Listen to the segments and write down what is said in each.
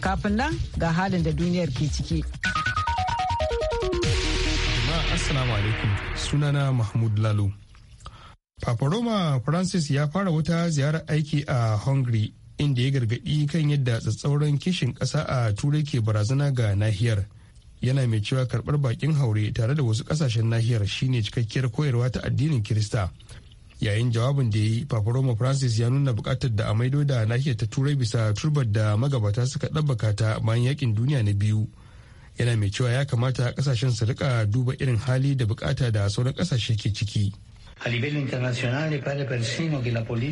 Kafin nan ga halin da duniyar ke ciki. Assalamu alaikum sunana Mahmud Lalo. Paparoma Francis ya fara wata ziyarar aiki a Hungary inda ya gargaɗi kan yadda tsatsauran kishin ƙasa a turai ke barazana ga nahiyar. Yana mai cewa karɓar bakin haure tare da wasu ƙasashen nahiyar shine cikakkiyar koyarwa ta addinin Kirista yayin jawabin da ya yi paparoma francis ya nuna bukatar da a maido da nahiyar ta turai bisa turbar da magabata suka ɗabbaka ta bayan yakin duniya na biyu yana mai cewa ya kamata kasashen su rika duba irin hali da bukata da sauran kasashe ke ciki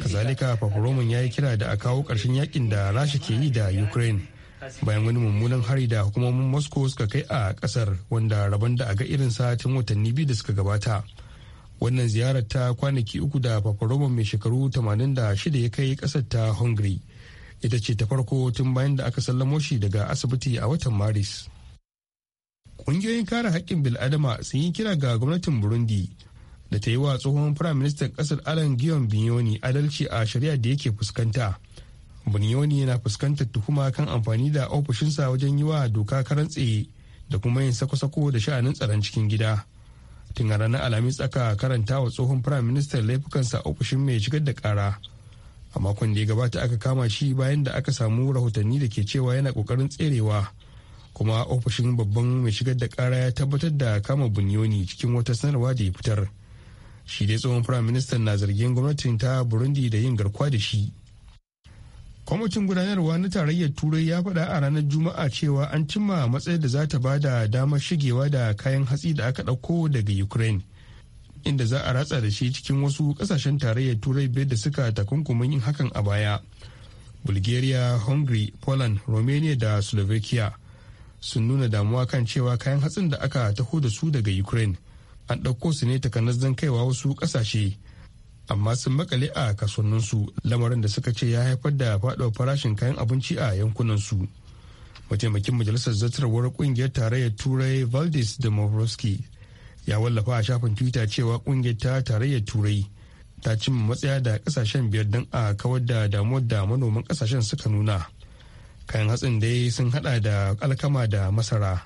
kazalika paparoman ya yi kira da a kawo karshen yakin da rasha ke yi da ukraine bayan wani mummunan hari da hukumomin moscow suka kai a kasar wanda rabon da a ga irinsa tun watanni biyu da suka gabata wannan ziyarar ta kwanaki uku da fafaroma mai shekaru 86 ya kai kasar ta hungary ita ce ta farko tun bayan da aka sallamo shi daga asibiti a watan maris ƙungiyoyin kare haƙƙin bil'adama sun yi kira ga gwamnatin burundi da ta yi wa tsohon firaministan ƙasar alan giyon binyoni adalci a shari'a da yake fuskanta binyoni yana fuskantar tuhuma kan amfani da ofishinsa wajen yi wa doka karantse da kuma yin sako-sako da sha'anin tsaron cikin gida tun a ranar alhamis aka karanta wa tsohon firayim ministan laifukansa a ofishin mai shigar da kara a makon da ya gabata aka kama shi bayan da aka samu rahotanni da ke cewa yana kokarin tserewa kuma ofishin babban mai shigar da kara ya tabbatar da kama bunyoni cikin wata sanarwa da ya fitar shi dai tsohon firayim ministan na zargin gwamnatin ta burundi da yin garkuwa da shi kwamitin gudanarwa na tarayyar turai ya faɗa a ranar juma'a cewa an cimma matsayar da za ta ba da damar shigewa da kayan hatsi da aka ɗauko daga ukraine inda za a ratsa da shi cikin wasu ƙasashen tarayyar turai biyar da suka takunkumin yin hakan a baya bulgaria hungary poland romania da slovakia sun nuna damuwa kan cewa kayan hatsin da aka taho da su daga ukraine an ɗauko su ne takanas don kaiwa wasu ƙasashe amma sun makale a kasuwanninsu lamarin da suka ce ya haifar da faɗawa farashin kayan abinci a yankunansu mataimakin majalisar zartarwar ƙungiyar tarayyar turai valdis da ya wallafa a shafin twitter cewa ƙungiyar ta tarayyar turai ta cimma matsaya da kasashen biyar don a kawar da damuwar da manoman kasashen suka nuna kayan hatsin dai sun hada da alkama da masara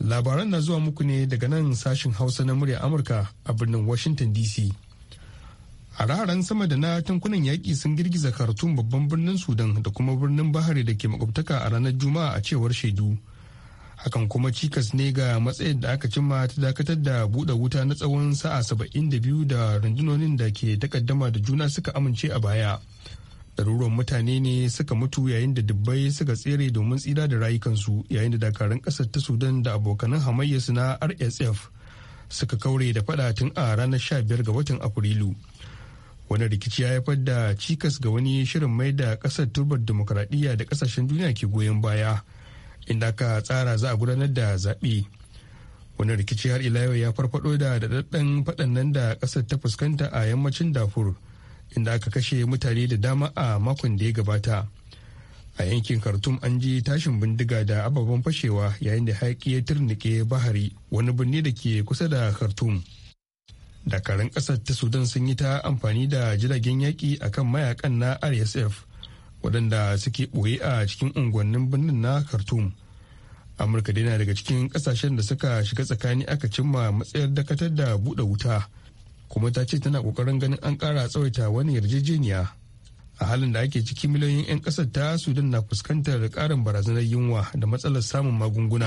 labaran na zuwa muku ne daga nan sashin hausa na murya amurka a birnin washington dc a raran sama da na tankunan yaƙi sun girgiza karatun babban birnin Sudan da kuma birnin Bahari da ke makwabtaka a ranar Juma'a a cewar shaidu. Hakan kuma cikas ne ga matsayin da aka cimma ta dakatar da buɗe wuta na tsawon sa'a saba'in da biyu da rundunonin da ke takaddama da juna suka amince a baya. Ɗaruruwan mutane ne suka mutu yayin da dubbai suka tsere domin tsira da rayukansu yayin da dakarun ƙasar ta Sudan da abokanan hamayya na RSF suka kaure da fada tun a ranar 15 ga watan Afrilu. wani rikici ya haifar da cikas ga wani shirin mai da kasar turbar demokradiyya da kasashen duniya ke goyon baya inda aka tsara za a gudanar da zaɓe wani rikici har ila yau ya farfado da daɗaɗɗen faɗannan da ƙasar ta fuskanta a yammacin dafur inda aka kashe mutane da dama a makon da ya gabata a yankin khartoum an ji tashin bindiga da ababen fashewa yayin da haƙi ya turnike bahari wani birni da ke kusa da khartoum dakarun kasar ta sudan sun yi ta amfani da jiragen yaƙi a kan mayakan na rsf waɗanda suke ɓoye a cikin unguwannin birnin na khartoum amurka dai na daga cikin ƙasashen da suka shiga tsakani aka cimma matsayar dakatar da buɗe wuta kuma ta ce tana ƙoƙarin ganin an ƙara tsawaita wani yarjejeniya a halin da ake ciki miliyoyin 'yan ƙasar ta sudan na fuskantar ƙarin barazanar yunwa da matsalar samun magunguna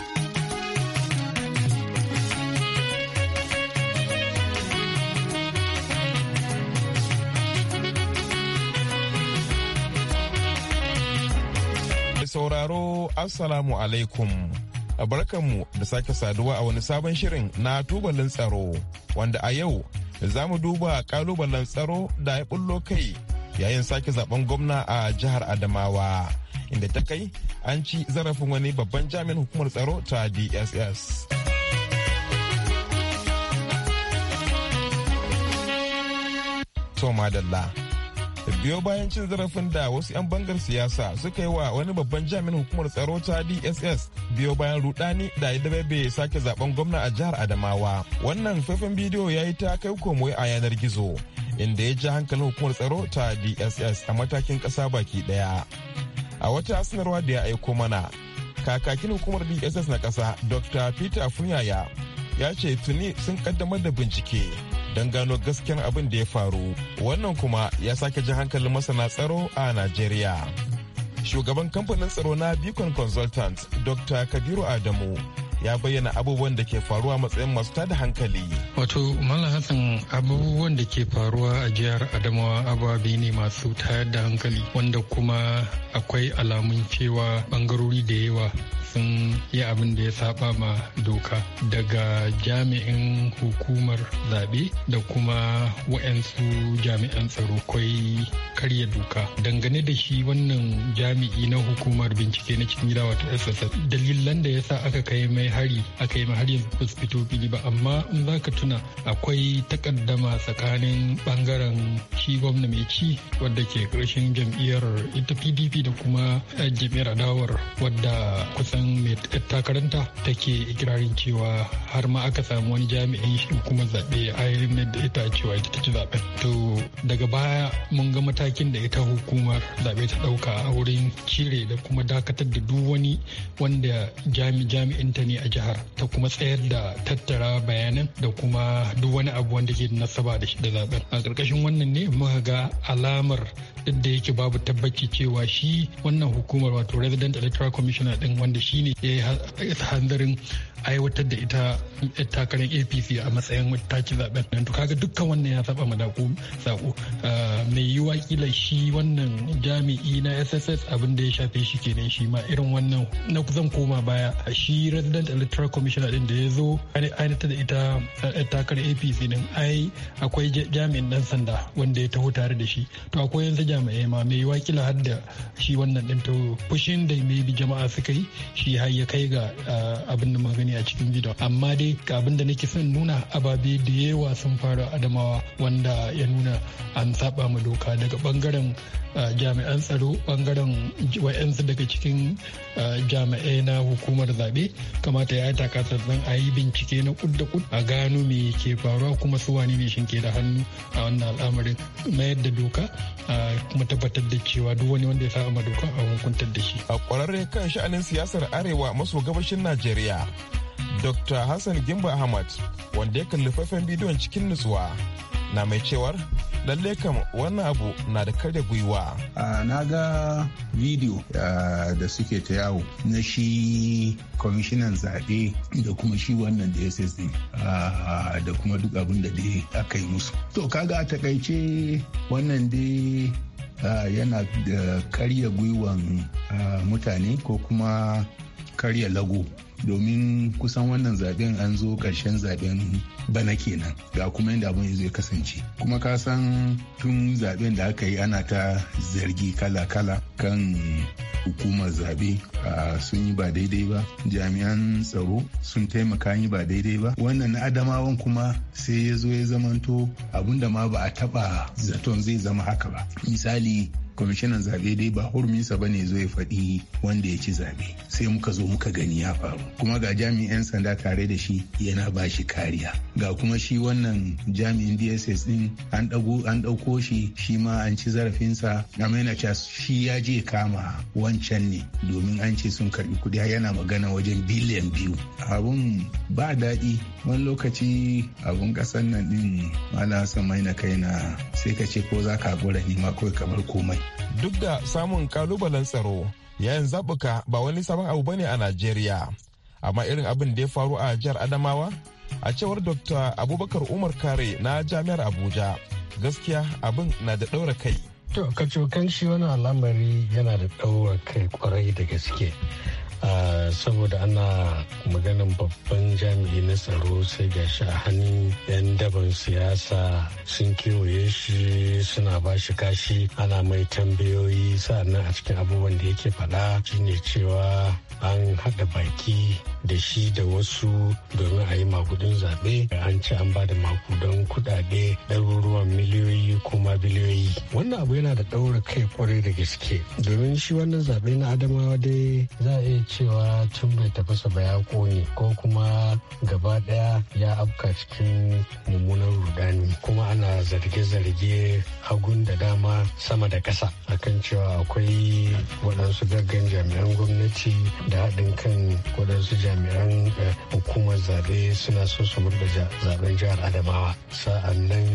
sauraro Assalamu alaikum. Barkanmu da sake saduwa a wani sabon shirin na tubalin tsaro wanda a yau za mu duba kalubalen tsaro da ya bullo kai yayin sake zaben gwamna a jihar Adamawa. Inda ta kai an ci zarafin wani babban jami'in hukumar tsaro ta DSS. to madalla biyo bayan cin zarafin da wasu 'yan bangar siyasa suka yi wa wani babban jami'in hukumar tsaro ta dss biyo bayan rudani da ya dabe sake zaben gwamna a jihar adamawa wannan faifan bidiyo ya yi ta kai komai a yanar gizo inda ya ji hankalin hukumar tsaro ta dss a matakin kasa baki daya a wata sanarwa da ya aiko mana kakakin hukumar dss na kasa dr peter funyaya ya ce tuni sun kaddamar da bincike don gano gasken abin da ya faru wannan kuma ya sake ji hankalin masana tsaro a najeriya shugaban kamfanin tsaro na beacon consultant dr kabiru adamu ya bayyana abubuwan da ke faruwa matsayin masu tada hankali. Wato Malam Hassan abubuwan da ke faruwa a jihar Adamawa ababe ne masu tayar da hankali wanda kuma akwai alamun cewa bangarori da yawa sun yi abin da ya saba ma doka daga jami'in hukumar zaɓe da kuma wa'yansu jami'an tsaro kwai karya doka dangane da shi wannan jami'i na hukumar bincike na cikin gida wato sss dalilan da ya sa aka kai mai hari aka yi mai yanzu ba fito fili ba amma in za ka tuna akwai takaddama tsakanin bangaren shi gwamna mai ci wadda ke ƙarshen jam'iyyar ita pdp da kuma eh, jam'iyyar adawar wadda kusan kan mai takaranta take ikirarin cewa har ma aka samu wani jami'in shi kuma zaɓe a da ita cewa ita ci zaɓen to daga baya mun ga matakin da ita hukumar zaɓe ta ɗauka a wurin cire da kuma dakatar da duk wani wanda jami'in ta ne a jihar ta kuma tsayar da tattara bayanan da kuma duk wani abu wanda ke nasaba da zaɓen a ƙarƙashin wannan ne muka ga alamar duk da yake babu tabbaci cewa shi wannan hukumar wato resident electoral commissioner din wanda shi ne ya yi hanzarin aiwatar da ita takarar apc a matsayin taki zaben nan to kaga dukkan wannan ya saba dako sako ah, mai yiwa kila shi wannan jami'i na sss abin da ya shafe shi kenan shi ma irin wannan na zan koma baya shi resident electoral commissioner din da ya zo ainihin da ita takarar apc din ai akwai jami'in dan sanda wanda ya taho tare da shi to akwai yanzu jami'ai ma mai yi kila har da shi wannan ɗin to fushin da bi jama'a suka yi shi har ya kai ga abin da magani a cikin gidan amma dai abin da nake son nuna ababe da yawa sun fara adamawa wanda ya nuna an saba ma doka daga bangaren jami'an tsaro bangaren wa'yansu daga cikin jami'ai na hukumar zaɓe kamata ya taka zan a yi bincike na kud da a gano me ke faruwa kuma su wani ne shinke da hannu a wannan al'amarin mayar da doka kuma tabbatar da cewa duk wani wanda ya saba ma dokan a hukuntar da shi. A kwararre kan sha'anin siyasar Arewa maso gabashin Najeriya, Dr. Hassan Gimba Ahmad, wanda ya kalli faifan bidiyon cikin nutsuwa, na mai cewar lalle kam wannan abu na da karya gwiwa. na ga bidiyo da suke ta yawo na shi kwamishinan zaɓe da kuma shi wannan da SSD da kuma duk abin da dai aka yi musu to kaga a takaice wannan dai Ah, yana da karya gwiwan ah, mutane ko kuma karya lago domin kusan wannan zaben an zo karshen zaben bana kenan ga kuma yadda abin zai kasance kuma ka san tun zaben da aka yi ana ta zargi kala-kala kan hukumar zaɓe sun yi ba daidai ba jami'an tsaro sun taimaka yi ba daidai ba wannan na adamawan kuma sai ya zo ya zamanto abinda ma ba a taɓa zaton zai zama haka ba misali kwamishinan zaɓe dai ba hurminsa ba ne zo ya faɗi wanda ya ci zaɓe sai muka zo muka gani ya faru kuma ga jami'in sanda tare da shi yana ba shi kariya ga kuma shi wannan jami'in dss din an ɗauko shi shi ma an ci zarafinsa na maina shi ya je kama wancan ne domin an ce sun karɓi kuɗi yana magana wajen biliyan biyu abun ba daɗi wani lokaci abun ƙasar nan din mala hassan maina na sai ka ce ko za ka haƙura ne ma kawai kamar komai duk da samun kalubalen tsaro yayin zaɓuka ba wani sabon abu bane a najeriya amma irin abin da ya faru a jihar adamawa a cewar dr abubakar umar kare na jami'ar abuja gaskiya abin na da ɗaura kai to kacokan shi wani al'amari yana da ɗaura kai kwarai da gaske saboda ana maganin babban jami'i na tsaro sai ga shi a hannun 'yan daban siyasa sun kewaye shi suna ba shi kashi ana mai tambayoyi sa'annan a cikin abubuwan da yake faɗa shine cewa an haɗa baki da shi da wasu domin a yi makudin zaɓe an ce an ba da makudan kuɗaɗe ɗaruruwan miliyoyi kuma biliyoyi wannan abu yana da ɗaura kai kwarai da gaske domin shi wannan zaɓe na adamawa dai za a iya cewa tun bai tafasa ba ya ƙone ko kuma gaba ɗaya ya afka cikin mummunan rudani kuma ana zarge-zarge hagun da dama sama da ƙasa akan cewa akwai waɗansu gaggan jami'an gwamnati da haɗin kan waɗansu jami'an jami'an eh, hukumar zabe suna so su murda zaben jihar adamawa sa'an nan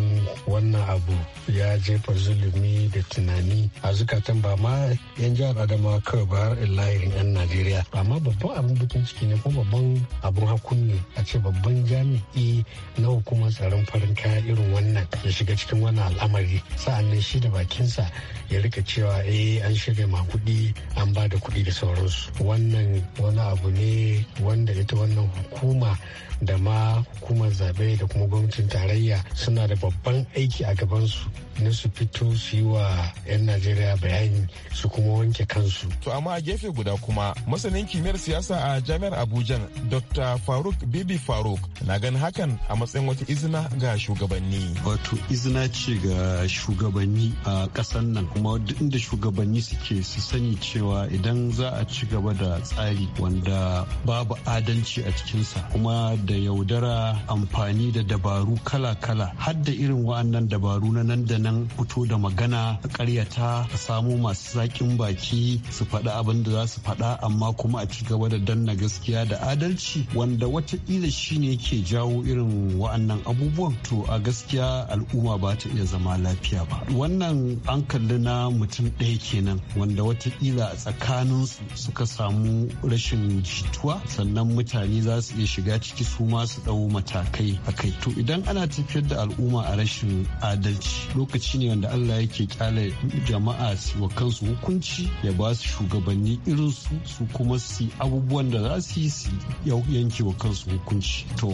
wannan abu ya jefa zulumi da tunani a zukatan ba ma yan jihar adamawa kawai ba har lahirin yan najeriya amma babban abin bikin ciki ne ko babban abin hakun ne a ce babban jami'i na hukumar tsaron farin kaya irin wannan ya shiga cikin wannan al'amari sa'an nan shi da bakinsa ya rika cewa eh an shirya ma kuɗi an ba da kuɗi da sauransu wannan wani abu ne wanda ita wannan hukuma da ma hukumar zabe da kuma gwamnatin tarayya suna da babban aiki a gabansu na su fito su yi wa 'yan najeriya bayani su kuma wanke kansu to amma a gefe guda kuma masanin kimiyyar siyasa a jami'ar abuja dr faruk bibi faruk na ganin hakan a matsayin wata izina ga shugabanni wato izina ce ga shugabanni a ƙasan nan kuma duk inda shugabanni suke su sani cewa idan za a ci gaba da tsari wanda babu adalci a cikinsa kuma da yaudara amfani da dabaru kala-kala har da irin wa'annan dabaru na nan da nan fito da magana a karyata a samu masu zaƙin baki su faɗa abin da za su faɗa amma kuma a ci gaba da danna gaskiya da adalci wanda wata shi shine ke jawo irin wa'annan abubuwan to a gaskiya al'umma ba ta iya zama lafiya ba wannan an kalli na mutum ɗaya kenan wanda ila a tsakaninsu suka samu rashin jituwa sannan mutane za su iya shiga ciki su su ma su ɗau matakai a kai to idan ana tafiyar da al'umma a rashin adalci lokaci ne wanda allah yake kyale jama'a su wa kansu hukunci ya ba su shugabanni irin su su kuma su abubuwan da za su yi su yanke wa kansu hukunci to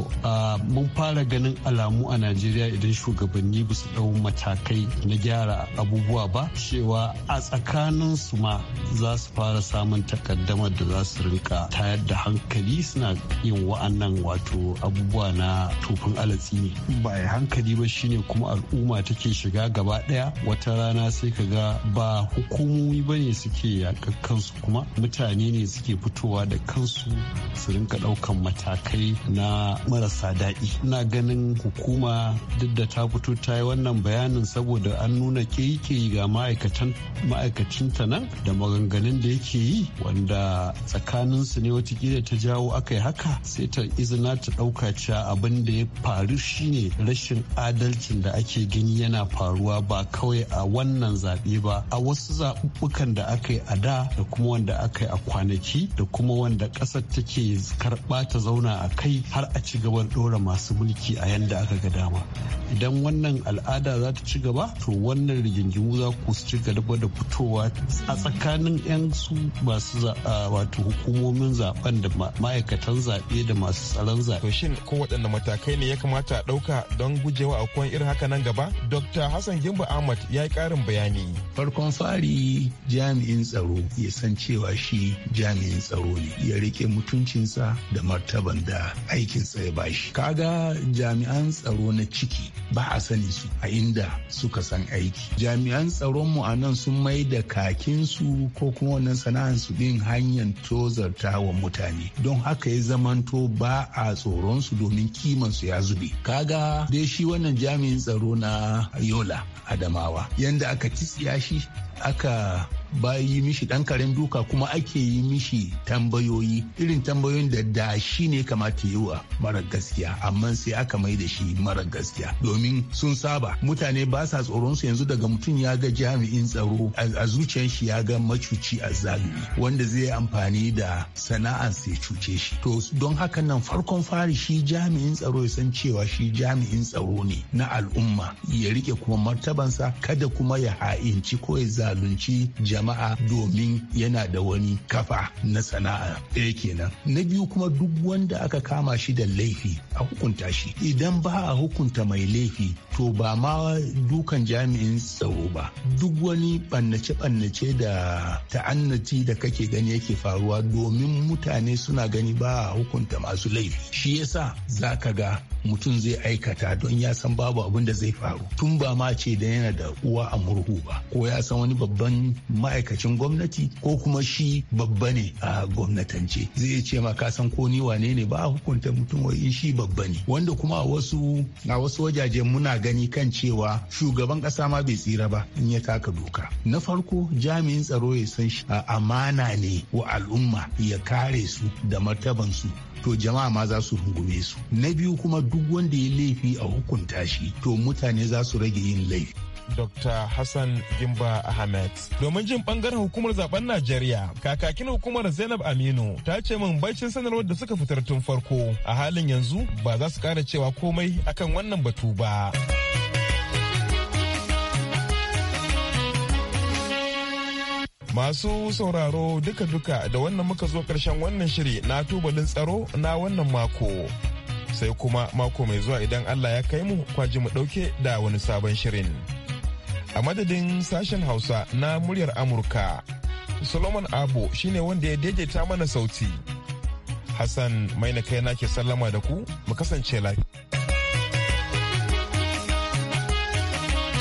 mun fara ganin alamu a najeriya idan shugabanni ba su ɗau matakai na gyara abubuwa ba cewa a tsakanin su ma za su fara samun takaddamar da za su rinka tayar da hankali suna yin wa'annan wato wato abubuwa na tufin alatsi ne ba ya hankali ba shine kuma al'umma take shiga gaba daya wata rana sai ka ga ba hukumomi ba ne suke yakan kansu kuma mutane ne suke fitowa da kansu su rinka daukan matakai na marasa daɗi ina ganin hukuma duk da ta fito ta yi wannan bayanin saboda an nuna keyi ga ma'aikacinta nan da maganganun da yake yi wanda tsakaninsu ne watakila ta jawo aka yi haka sai ta izina ta ɗauka cewa abin da ya faru shine rashin adalcin da ake gani yana faruwa ba kawai a wannan zaɓe ba a wasu zaɓuɓɓukan da aka yi a da da kuma wanda aka yi a kwanaki da kuma wanda ƙasar take karɓa ta zauna a kai har a ci gaban ɗora masu mulki a yanda aka ga dama idan wannan al'ada za ta ci gaba to wannan rigingimu za ku ci gaba da fitowa a tsakanin 'yan su masu wato hukumomin zaben da ma'aikatan zaɓe da masu tsaron zaɓe To shin ko waɗanne matakai ne ya kamata a ɗauka don gujewa akwai irin haka nan gaba? Dr. Hassan Gimba Ahmad ya yi ƙarin bayani. Farkon fari jami'in tsaro ya san cewa shi jami'in tsaro ne ya rike mutuncinsa da martaban da aikinsa ya bashi. Kaga jami'an tsaro na ciki ba a sani su a inda suka san aiki. Jami'an tsaronmu a nan sun mai da kakinsu ko kuma wannan su ɗin hanyar tozarta wa mutane. Don haka ya zamanto ba a tsoronsu domin kimansu ya zube kaga dai shi wannan jami'in tsaro na yola adamawa yanda aka kitsiya shi aka bayi mishi dan karen duka kuma ake yi mishi tambayoyi irin tambayoyin da da shi ne kamata yi wa mara gaskiya amma sai aka mai da shi mara gaskiya domin sun saba mutane ba sa tsoron su yanzu daga mutum ya ga jami'in tsaro a zuciyar shi ya ga macuci a zalimi wanda zai amfani da sana'ar sai cuce shi to don haka nan farkon fari shi jami'in tsaro ya san cewa shi jami'in tsaro ne na al'umma ya rike kuma martabansa kada kuma ya ha'inci ko ya zalunci jama'a domin yana da wani kafa na sana'a ɗaya kenan na biyu kuma duk wanda aka kama shi da laifi a hukunta shi idan ba a hukunta mai laifi to ba ma dukan jami'in tsaro ba duk wani ɓannace-ɓannace da ta'annaci da kake gani yake faruwa domin mutane suna gani ba a hukunta masu laifi shi yasa za ka ga mutum zai aikata don ya san babu abin da zai faru tun ba ma ce da yana da uwa a murhu ba ko ya san wani babban ma'aikacin gwamnati ko kuma shi babba ne a gwamnatance zai ce ma ka san ko ni wane ne ba hukunta mutum wai in shi babba ne wanda kuma a wasu a wasu wajaje muna gani kan cewa shugaban kasa ma bai tsira ba in ya taka doka na farko jami'in tsaro ya san amana ne wa al'umma ya kare su da martabansu to jama'a ma za su rungume su na biyu kuma duk wanda ya laifi a hukunta shi to mutane za su rage yin laifi Dr. Hassan Gimba Ahmed. Domin jin bangaren hukumar zaben Najeriya, kakakin hukumar Zainab Aminu ta ce min bacin sanarwar da suka fitar tun farko a halin yanzu ba za su kara cewa komai akan wannan batu ba. Masu sauraro duka-duka da wannan muka zo karshen wannan shiri na tubalin tsaro na wannan mako. Sai kuma mako mai zuwa idan Allah ya kai mu kwaji mu ɗauke da wani sabon shirin. A madadin sashen Hausa na muryar Amurka, Solomon abu shine wanda ya daidaita mana sauti. Hassan mai na kai na ke sallama da ku, mu kasance lafiya.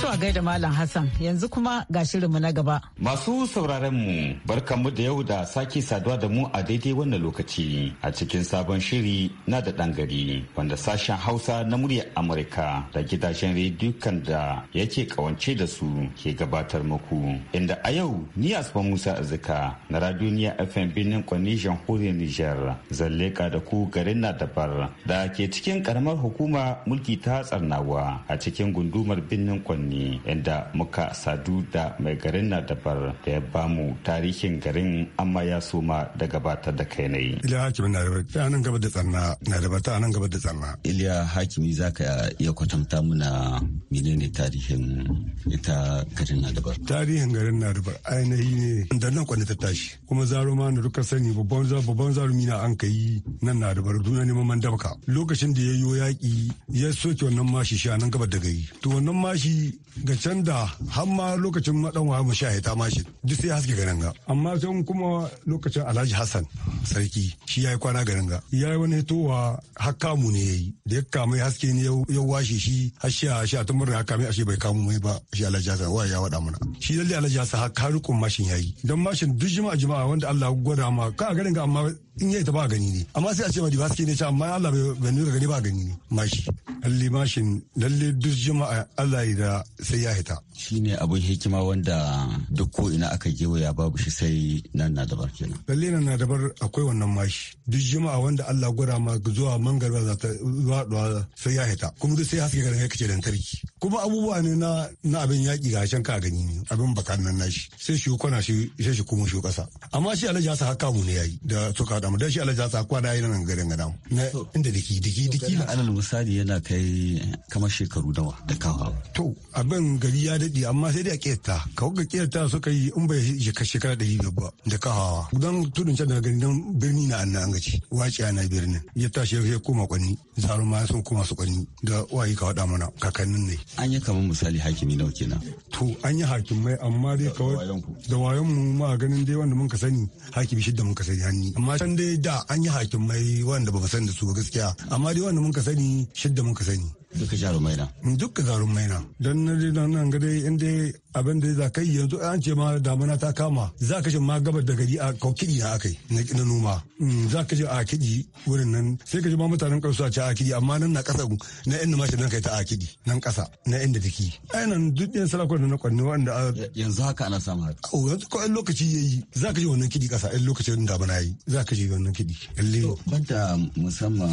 To gaida Malam Hassan yanzu kuma ga shirinmu na gaba. Masu sauraron mu barkanmu da yau da sake saduwa da mu a daidai wannan lokaci a cikin sabon shiri na da ɗan gari wanda sashen Hausa na muryar Amurka da gidajen rediyo kan da yake kawance da su ke gabatar muku. Inda a yau ni Asma Musa Azika na Raduniya FM Benin Kwani Jamhuriyar Nijar leƙa da ku garin na dabar da ke cikin karamar hukuma mulki ta tsarnawa a cikin gundumar birnin Kwani ne inda muka sadu da mai garin na dabar da ya bamu tarihin garin amma ya soma da gabatar da kai yi. Iliya Hakimi na dabar ta nan gaba da tsanna na dabar ta nan gaba da tsanna. Iliya Hakimi za ka iya kwatanta muna menene tarihin ita garin na dabar. Tarihin garin na dabar ainihi ne da nan kwanne ta tashi kuma zaro ma na duka sani babban zarumi na an kai nan na dabar duniya neman man dabka lokacin da ya yi yaƙi ya soke wannan mashi shi a nan gaba da gari to wannan mashi ga can da har ma lokacin madan wa mu shahi ta mashi duk sai haske garin ga amma can kuma lokacin Alhaji Hassan sarki shi yayi kwana garin ga yayi wani hitowa har kamu ne yayi da ya kama haske ne ya washe shi har a shi a tumurin ya mai ashe bai kamu mai ba shi Alhaji Hassan wa ya wada mana shi lalle Alhaji Hassan har karukun mashin yayi dan mashin duk jima'a jima'a wanda Allah ya gwada ma ka garin ga amma in ya ta ba gani ne amma sai a ce ma diba haske ne ce amma Allah bai nuna gani ba gani ne mashi lalle mashin lalle duk juma'a Allah ya da sai ya hita ne abin hikima wanda duk ko ina aka gewaya babu shi sai nan na dabar kenan lalle nan na dabar akwai wannan mashi duk juma'a wanda Allah gwada ma zuwa mangarba za ta zuwa sai ya hita kuma duk sai haske garin kace lantarki kuma abubuwa ne na na abin yaƙi ga can ka gani ne abin bakan nan nashi sai shi kwana shi sai shi kuma shi ƙasa. amma shi Alhaji sa haka mu ne yayi da suka da mu dan shi Alhaji Hassan kwana yayi nan garin gada na inda diki diki diki alal misali yana kai kamar shekaru dawa da kawa to abin gari ya daɗi amma sai dai a ƙeta ka ga ƙeta suka yi in bai shekara ɗari biyar ba da kahawa don tudun can daga ganin birni na annan gaci waciya na birnin ya tashi ya koma kwanni zaru ma sun koma su kwanni da wayi ka waɗa mana kakannin ne. an yi kamar misali hakimi nawa kenan. to an yi hakimai amma dai kawai da wayan mu ma ganin dai wanda mun ka sani hakimi shidda mun ka sani hanni amma can dai da an yi hakimai wanda ba mu sani da su gaskiya amma dai wanda mun ka sani shidda mun ka sani Duka jarumai na. Duka jarumai na. Don na dai nan ga dai in dai abin da za ka yi yanzu an ce ma damuna ta kama za ka ce ma gabar da gari a kiɗi na akai na noma mm, za ka ce a kiɗi wurin nan sai ka ce ma mutanen ƙarsu a ce a kiɗi amma nan na ƙasa na inda ma nan kai ta a kiɗi nan ƙasa na inda take ai nan duk yan da na kwanne wanda yanzu haka ana samu haka o yanzu ko in lokaci yi za ka ji wannan kiɗi ƙasa in lokacin damuna yi za ka ji wannan kiɗi lalle banta musamman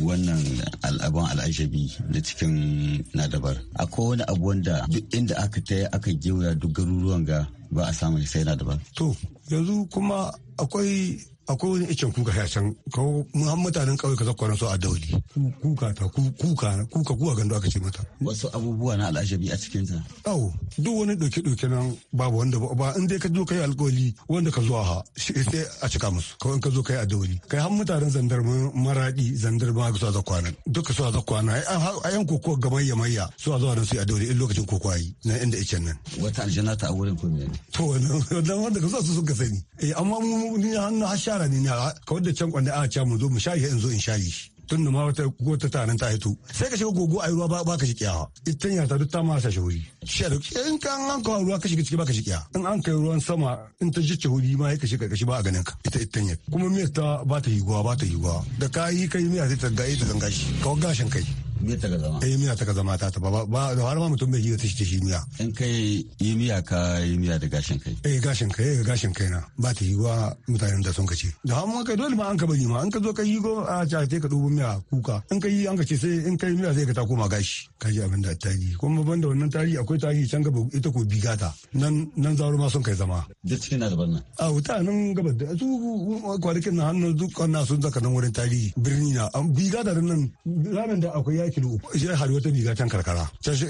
wannan al'aban al'ajabi da cikin nadabar akwai wani abu wanda duk inda aka ta daya aka gewaya duk garuruwan ga ba a samun sai na daban. To yanzu kuma akwai akwai wani icen kuka ya can kawo mutanen kawai ka zakwaran su a dauli kuka ta kuka kuka kuka gando aka ce mata wasu abubuwa na al'ajabi a cikin ta awo duk wani doke doke nan babu wanda ba in dai ka zo kai alkoli wanda ka zo ha sai a cika musu kawai ka zo kai a dauli kai har mutanen zandar maradi zandar ma su a zakwana duka su a zakwana a yan koko gamayya mayya su a zuwa nan su a dauli in lokacin kokowa yi na inda icen nan wata aljanna ta a wurin ko ne to wannan wanda ka zo su suka sani eh amma mu ni hannu har tara ni na ka wadda can kwanda aka cewa mu zo mu sha in zo in sha shayi tun da ma wata ko ta taron ta hito sai ka shiga gogo a ruwa ba ka shi kiyawa ita ya ta duk ta ma sashe wuri shi da in ka an kawo ruwa ka shiga ciki ba ka shi shiƙiya in an kai ruwan sama in ta ji cewa ma ya ka shiga kashi ba a ganin ka ita ita ya kuma me ta ba ta higuwa ba ta higuwa da ka yi kai miyar ta ga ita ganga shi ka gashin kai miya ta zama eh miya ta zama ta ba ba da har ma mutum bai yi ta shi miya in kai yi miya ka yi miya da gashin kai eh gashin kai eh gashin kai na ba ta yi wa mutanen da sun kace da har ma kai dole ma an ka bari ma an ka zo ka yi go a ta ka dubo miya kuka in ka yi an ka ce sai in kai miya sai ka ta koma gashi ka ji abin da yi. kuma banda wannan tarihi akwai tarihi can gaba ita ko bigata nan nan zaro ma sun kai zama duk cikin na gaban nan a wuta nan gaban da su kwalikin na hannun dukkan na sun zaka nan wurin tarihi birni na bigata nan ranar da akwai kilo uku shi hari wata riga can karkara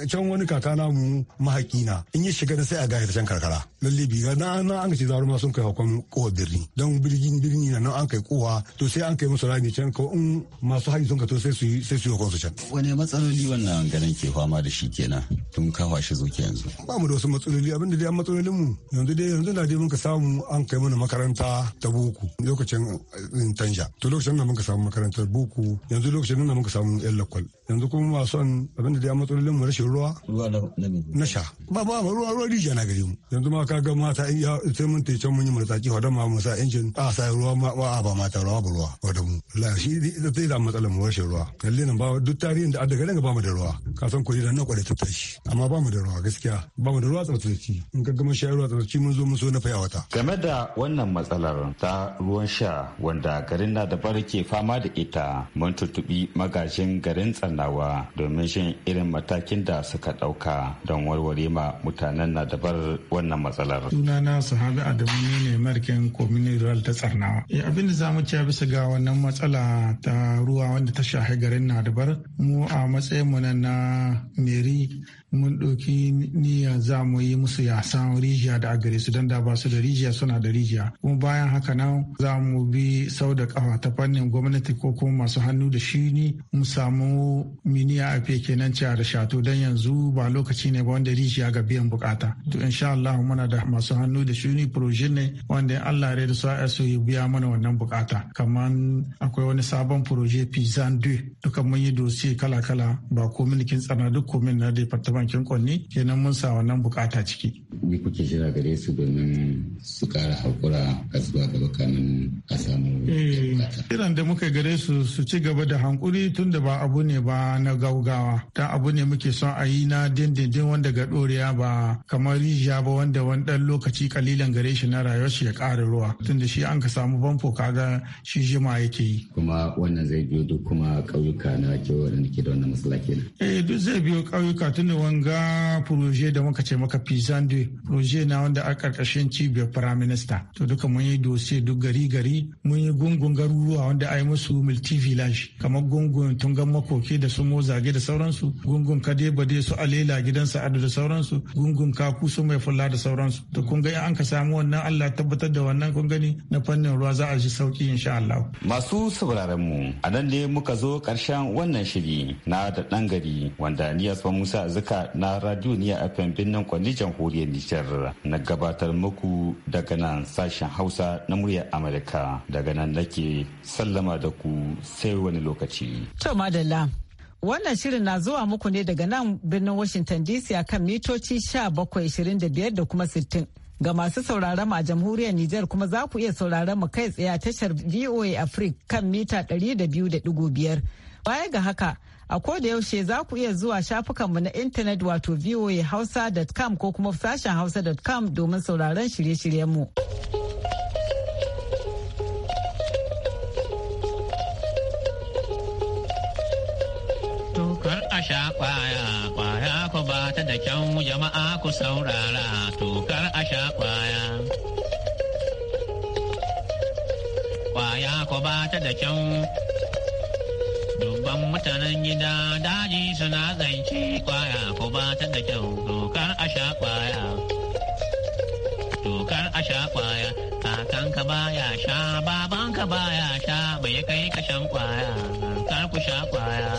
can wani kaka mu mahaki na in yi shiga na sai a gaya ta can karkara lalle biga na na an ce ma sun kai hakon kowa birni don birgin birni na an kai kowa to sai an kai musu rami can ko in masu haji sun ka to sai su yi sai su yi hakon su can. wani matsaloli wannan ganin ke fama da shi kenan tun kawa shi zo ke yanzu. ba mu da wasu matsaloli abinda dai an matsalolin mu yanzu dai yanzu na dai mun ka samu an kai mana makaranta ta boko lokacin eh, tanja to lokacin na mun ka samu makarantar boko yanzu lokacin na mun ka samu yan lakwal yanzu kuma ma son abinda da ya matsalolin mu rashin ruwa na sha ba ba ba ruwa ruwa rijiya na gari mu yanzu ma ka ga mata in ya sai mun ta can mun yi mataki wa ma mu sa injin a sa ruwa ma ba ba mata ruwa ba ruwa wa da mu la shi da zai da matsalar mu rashin ruwa kalle nan ba duk tarihin da daga nan ba mu da ruwa ka san ko idan na kware ta tashi amma ba mu da ruwa gaskiya ba mu da ruwa tsaftaci in ka ga mun sha ruwa tsaftaci mun zo mun so na faya wata game da wannan matsalar ta ruwan sha wanda garin na da barke fama da ita mun tuntubi magajin garin tsan nawa domin shin irin matakin da suka ɗauka don warware ma mutanen na dabar wannan matsalar. Sunana Sahabi Adamu ne ne markin Community Rural ta Tsarnawa. Eh, abin da za mu ci bisa ga wannan matsala ta ruwa wanda ta shahi garin na dabar mu a matsayin mu na meri mun ɗauki niyya za mu yi musu yasan rijiya da agare su don da ba su da rijiya suna da rijiya kuma bayan haka nan za mu bi sau da kafa ta fannin gwamnati ko kuma masu hannu da ne mu samu miniya a nan cewa da shato don yanzu ba lokaci ne ba wanda rijiya ga biyan bukata to insha Allah muna da masu hannu da ne proje ne wanda Allah ya da a su biya mana wannan bukata kamar akwai wani sabon proje pizan 2 duka mun yi dosiye kala-kala ba ko milikin tsana duk komin na departament bakin kunni kenan mun sa wannan bukata ciki ni kuke jira gare su domin su kara haƙura a zuwa gaba kamin a samu eh. kiran da muka gare su su ci gaba da hankuri tun da ba abu ne ba na gaugawa ta abu ne muke son a yi na dindindin wanda ga ɗoriya ba kamar rijiya ba wanda wani ɗan lokaci kalilan gare shi na rayuwar shi ya ƙara ruwa tun da shi an ka samu famfo kaga shi jima yake yi kuma wannan zai biyo duk kuma ƙauyuka na ke da ke da wannan matsala kenan eh duk zai biyo ƙauyuka tun da wanga furoje da muka ce maka pisande proje na wanda a karkashin cibiyar prime minister to duka mun yi dose duk gari gari mun yi gungun garuruwa wanda a yi musu multi village kamar gungun tungan makoki da su mozage da sauransu gungun bade su alela gidan sa'adu da sauransu gungun kaku su mai fulla da sauransu to kun ga an ka samu wannan Allah tabbatar da wannan kun gani na fannin ruwa za a ji sauki insha Allah masu sauraron mu a nan ne muka zo karshen wannan shiri na da dan gari wanda ni Musa Zuka na Radio Niya FM binnan kwani jamhuriyar Nijar na gabatar muku daga nan sashen Hausa na muryar Amurka daga nan nake sallama da ku sai wani lokaci. To madalla. Wannan shirin na zuwa muku ne daga nan birnin Washington DC a kan mitoci 1725 da kuma 60. Ga masu sauraron a jamhuriyar Nijar kuma za ku iya sauraron mu kai tsaye tashar VOA Africa kan mita 200.5. Baya ga haka, A koda yaushe za ku iya zuwa shafukanmu na intanet wato voahausa.com ko kuma sashen hausa.com domin sauraron shirye-shiryenmu. Tukar a sha kwaya, kwaya ku ba ta da kyan jama'a ku saurara, tukar a sha kwaya. Kwaya ku ba ta da kyan dubban mutanen gida daji suna zance kwaya ko ba ta da kyau dokar a sha kwaya dokar a sha kwaya kakan ka baya sha babanka baya sha bai kai kashan kwaya kar ku sha kwaya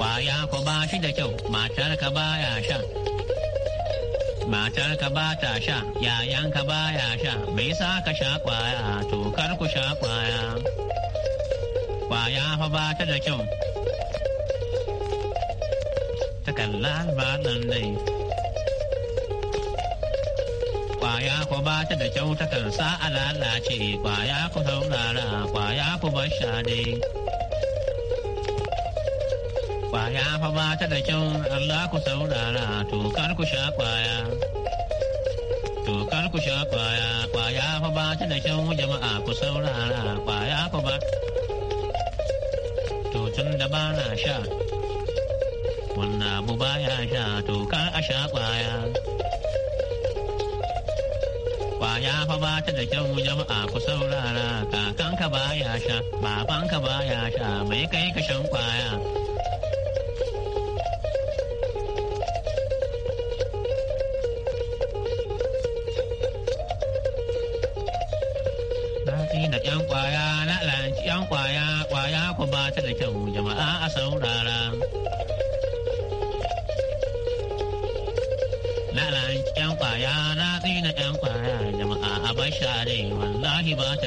kwaya ko ba shi da kyau matar ka baya sha matar ba ta sha yayan ka baya sha bai sa ka sha kwaya to kar ku sha kwaya ya fa ba ta da kyau. Takalla ba nan dai. Kwaya ku ba ta da kyau takan sa a lalace, kwaya ku saurara, kwaya ku bar dai. Kwaya fa ba ta da kyau, Allah ku saurara, tokar ku sha kwaya. Tokar ku sha kwaya, kwaya fa ba ta da kyau jama'a ku saurara, kwaya ku ba. tun da ba na sha wannan abu baya sha to ka a sha kwaya kwaya fa ba ta da kyau jama'a ku saurara kakanka baya sha babanka baya sha mai kai ka shan kwaya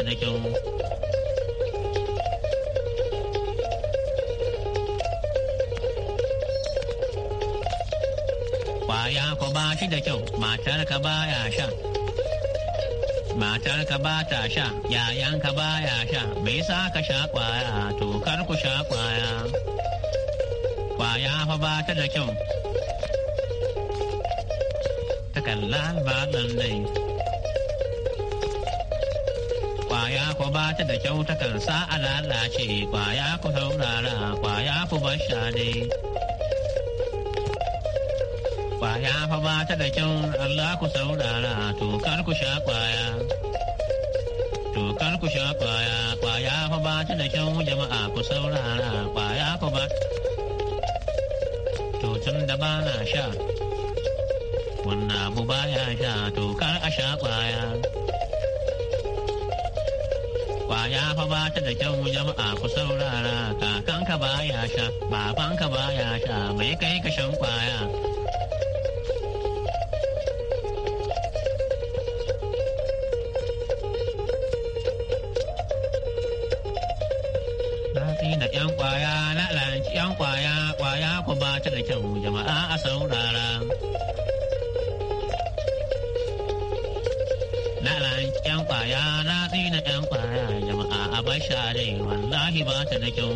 da kyau. Kwaya ku ba shi da kyau, matar ka ba ya sha. Matar ka ba ta sha, yayan ka ba ya sha, me yasa ka sha kwaya, to kar ku sha kwaya. Kwaya fa ba ta da kyau. Takan ba nan dai. kwaya ku ba ta da kyau ta kan sa a lalace kwaya ku saurara kwaya ku bar shane. Kwaya fa ba ta da kyau Allah ku saurara to kar ku sha kwaya. To kar ku sha kwaya kwaya fa ba ta da kyau jama'a ku saurara kwaya ku ba. To tun da ba na sha, wannan abu ba ya sha to kwaya fa ba ta da kyau jama'a ku saurara kakanka baya sha babanka baya sha mai kai ka shan kwaya da 'yan kwaya na lanci 'yan kwaya kwaya ku ba ta da kyau jama'a a saurara na lanci 'yan kwaya na tsina 'yan kwaya share wallahi ba ta da kyau